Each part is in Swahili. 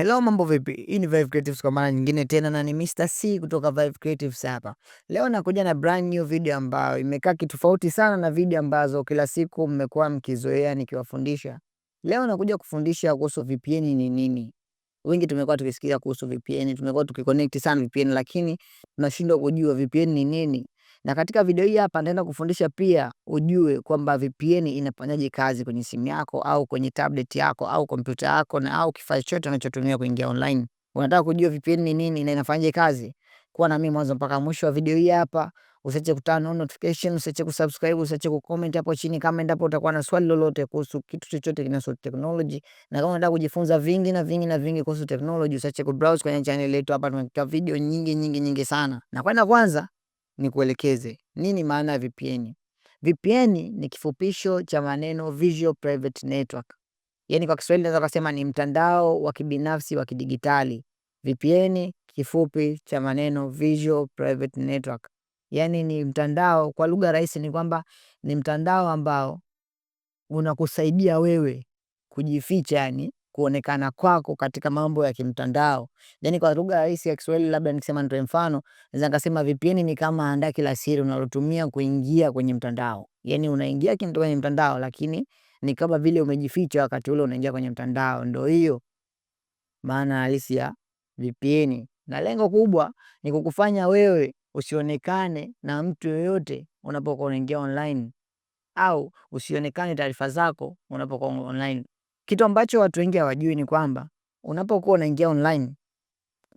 Hello, mambo vipi? Hii ni Vive Creatives kwa mara nyingine tena na ni Mr. C kutoka Vive Creatives hapa. Leo nakuja na brand new video ambayo imekaa kitofauti sana na video ambazo kila siku mmekuwa mkizoea nikiwafundisha. Leo nakuja kufundisha kuhusu VPN ni nini. Wengi tumekuwa tukisikia kuhusu VPN, tumekuwa tukiconnect sana VPN lakini tunashindwa kujua VPN ni nini. Na katika video hii hapa nitaenda kufundisha pia ujue kwamba VPN inafanyaje kazi kwenye simu yako au kwenye tablet yako au kompyuta yako na au kifaa chochote unachotumia kuingia online. Unataka kujua VPN ni nini na inafanyaje kazi? Kuwa na mimi mwanzo mpaka mwisho wa video hii hapa. Usiache kutana on notification, usiache kusubscribe, usiache kucomment hapo chini kama endapo utakuwa na swali lolote kuhusu kitu chochote kinahusu technology. Na kama unataka kujifunza vingi na vingi na vingi kuhusu technology, usiache kubrowse kwenye channel yetu hapa, tuna video nyingi nyingi nyingi sana. Na kwenda kwanza nikuelekeze nini maana ya VPN. VPN ni kifupisho cha maneno Visual Private Network, yaani kwa Kiswahili naweza kusema ni mtandao wa kibinafsi wa kidigitali. VPN kifupi cha maneno Visual Private Network, yaani ni mtandao, kwa lugha rahisi ni kwamba ni mtandao ambao unakusaidia wewe kujificha, yani kuonekana kwako katika mambo ya kimtandao. Yani kwa lugha rahisi ya Kiswahili, labda nikisema nitoe mfano, naweza nikasema VPN ni kama handaki la siri unalotumia kuingia kwenye mtandao. Yani unaingia kitu kwenye mtandao, lakini ni kama vile umejificha wakati ule unaingia kwenye mtandao. Ndo hiyo maana halisi ya VPN, na lengo kubwa ni kukufanya wewe usionekane na mtu yoyote unapokuwa unaingia online, au usionekane taarifa zako unapokuwa online. Kitu ambacho watu wengi hawajui ni kwamba unapokuwa unaingia online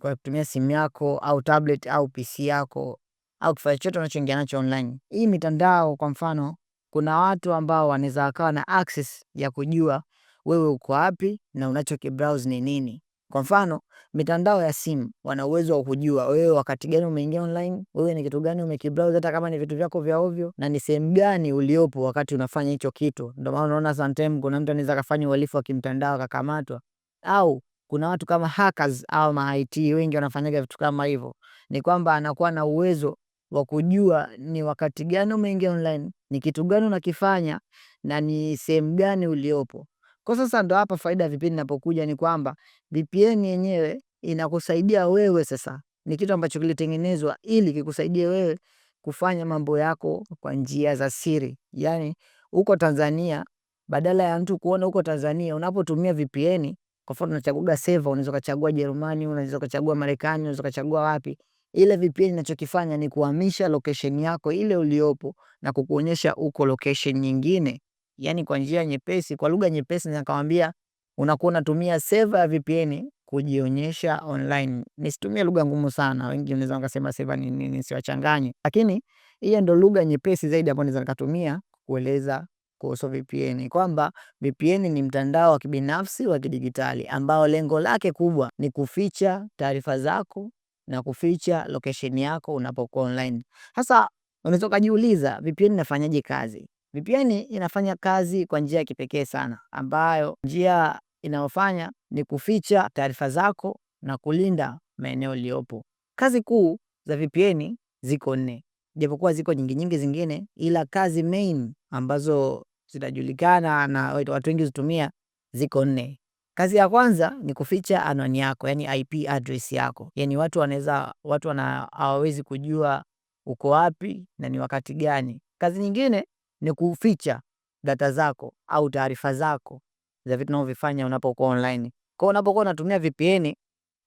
kwa kutumia simu yako au tablet au PC yako au kifaa chochote unachoingia nacho online, hii mitandao kwa mfano, kuna watu ambao wanaweza wakawa na access ya kujua wewe uko wapi na unachokibrowse ni nini. Kwa mfano, mitandao ya simu wana uwezo wa kujua wewe wakati gani umeingia online, wewe ni kitu gani umekibrowse hata kama ni vitu vyako vya ovyo na ni sehemu gani uliopo wakati unafanya hicho kitu. Ndio maana unaona sometimes kuna mtu anaweza kafanya uhalifu wa kimtandao akakamatwa. Au kuna watu kama hackers au ma IT wengi wanafanyaga vitu kama hivyo. Ni kwamba anakuwa na uwezo wa kujua ni wakati gani umeingia online, ni kitu gani unakifanya na ni sehemu gani uliopo. Kwa sasa ndo hapa faida ya VPN inapokuja ni kwamba VPN yenyewe inakusaidia wewe sasa, ni kitu ambacho kilitengenezwa ili kikusaidie wewe kufanya mambo yako kwa njia za siri. Yani huko Tanzania, badala ya mtu kuona huko Tanzania, unapotumia VPN kwa mfano unachaguga seva, unaweza ukachagua Jerumani, unaweza ukachagua Marekani, unaweza ukachagua wapi. Ile VPN inachokifanya ni kuhamisha location yako ile uliopo na kukuonyesha uko location nyingine yani kwa njia nyepesi, kwa lugha nyepesi nikamwambia unakuwa unatumia seva ya VPN kujionyesha online. Nisitumie lugha ngumu sana, wengi wanaweza wakasema seva ni nini, siwachanganye, lakini hiyo ndo lugha nyepesi zaidi ambayo naweza nikatumia kueleza kuhusu VPN kwamba VPN ni mtandao wa kibinafsi wa kidijitali ambao lengo lake kubwa ni kuficha taarifa zako na kuficha location yako unapokuwa online. Sasa unaweza ukajiuliza VPN inafanyaje kazi? VPN inafanya kazi kwa njia ya kipekee sana ambayo njia inayofanya ni kuficha taarifa zako na kulinda maeneo uliyopo. Kazi kuu za VPN ziko nne, japokuwa ziko nyingi nyingi zingine, ila kazi main ambazo zinajulikana na watu wengi zitumia ziko nne. Kazi ya kwanza ni kuficha anwani yako, yani IP address yako, yani watu wanaweza watu hawawezi kujua uko wapi na ni wakati gani. Kazi nyingine ni kuficha data zako au taarifa zako za vitu unavyofanya unapokuwa online. Kwa unapokuwa unatumia VPN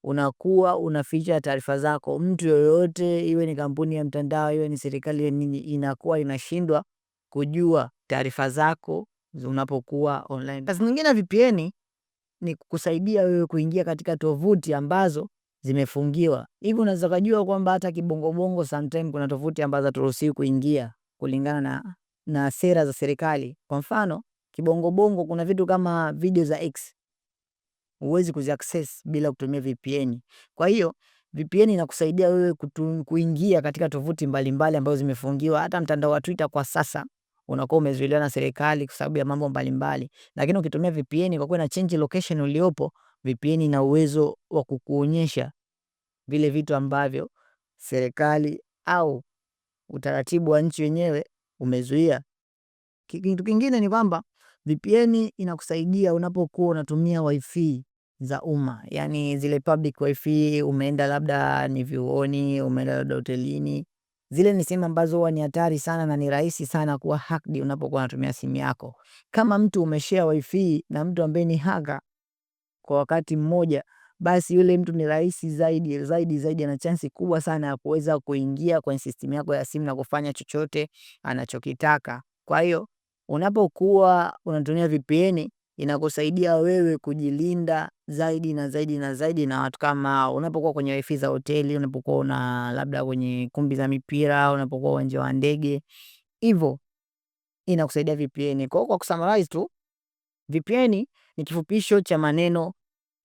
unakuwa unaficha taarifa zako. Mtu yoyote iwe ni kampuni ya mtandao, iwe ni serikali, ya nini, inakuwa inashindwa kujua taarifa zako unapokuwa online. Kazi nyingine VPN ni kukusaidia wewe kuingia katika tovuti ambazo zimefungiwa. Hivi unaweza kujua kwamba hata kibongo bongo sometime kuna tovuti ambazo haturuhusiwi kuingia kulingana na na sera za serikali. Kwa mfano kibongobongo, kuna vitu kama video za X huwezi kuziaccess bila kutumia VPN. Kwa hiyo VPN inakusaidia wewe kuingia katika tovuti mbalimbali ambazo zimefungiwa. Hata mtandao wa Twitter kwa sasa unakuwa umezuiliwa na serikali kwa sababu ya mambo mbalimbali, lakini ukitumia VPN kwa kuwa na change location uliopo, VPN ina uwezo wa kukuonyesha vile vitu ambavyo serikali au utaratibu wa nchi wenyewe umezuia. Kitu kingine ni kwamba VPN inakusaidia unapokuwa unatumia wifi za umma, yani zile public wifi. Umeenda labda ni vyuoni, umeenda labda hotelini, zile ni sehemu ambazo huwa ni hatari sana na ni rahisi sana kuwa hacked unapokuwa unatumia simu yako. Kama mtu umeshare wifi na mtu ambaye ni hacker kwa wakati mmoja basi yule mtu ni rahisi zaidi zaidi zaidi, ana chansi kubwa sana ya kuweza kuingia kwenye sistimu yako ya simu na kufanya chochote anachokitaka. Kwa hiyo unapokuwa unatumia VPN inakusaidia wewe kujilinda zaidi na zaidi na zaidi na watu kama hao. Unapokuwa kwenye wifi za hoteli, unapokuwa una labda kwenye kumbi za mipira, unapokuwa uwanja wa ndege, hivyo inakusaidia VPN. Kwa hiyo kwa kusummarize tu, VPN ni kifupisho cha maneno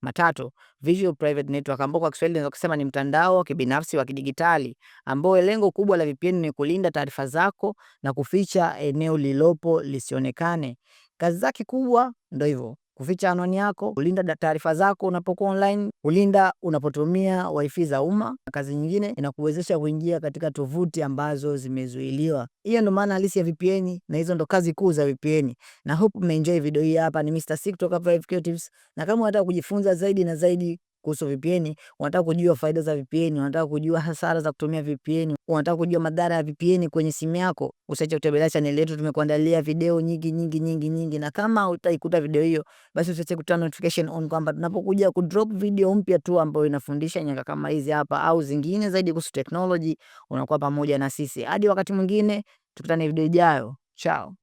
Matatu, Visual Private Network ambao kwa Kiswahili naweza kusema ni mtandao wa kibinafsi wa kidigitali ambao lengo kubwa la VPN ni kulinda taarifa zako na kuficha eneo lilopo lisionekane. Kazi zake kubwa ndio hivyo kuficha anwani yako, kulinda taarifa zako unapokuwa online, kulinda unapotumia wifi za umma. Kazi nyingine inakuwezesha kuingia katika tovuti ambazo zimezuiliwa. Hiyo ndo maana halisi ya VPN, na hizo ndo kazi kuu za VPN, na hope mmeenjoy video hii. Hapa ni Mr. C kutoka Five Creatives, na kama unataka kujifunza zaidi na zaidi kuhusu VPN, wanataka kujua faida za VPN, wanataka kujua hasara za kutumia VPN, wanataka kujua madhara ya VPN kwenye simu yako. Usiache kutembelea channel yetu, tumekuandalia video nyingi nyingi nyingi nyingi, na kama utaikuta video hiyo, basi usiache kutana notification on kwamba tunapokuja ku drop video mpya tu ambayo inafundisha nyaka kama hizi hapa au zingine zaidi kuhusu technology, unakuwa pamoja na sisi. Hadi wakati mwingine, tukutane video ijayo. Chao.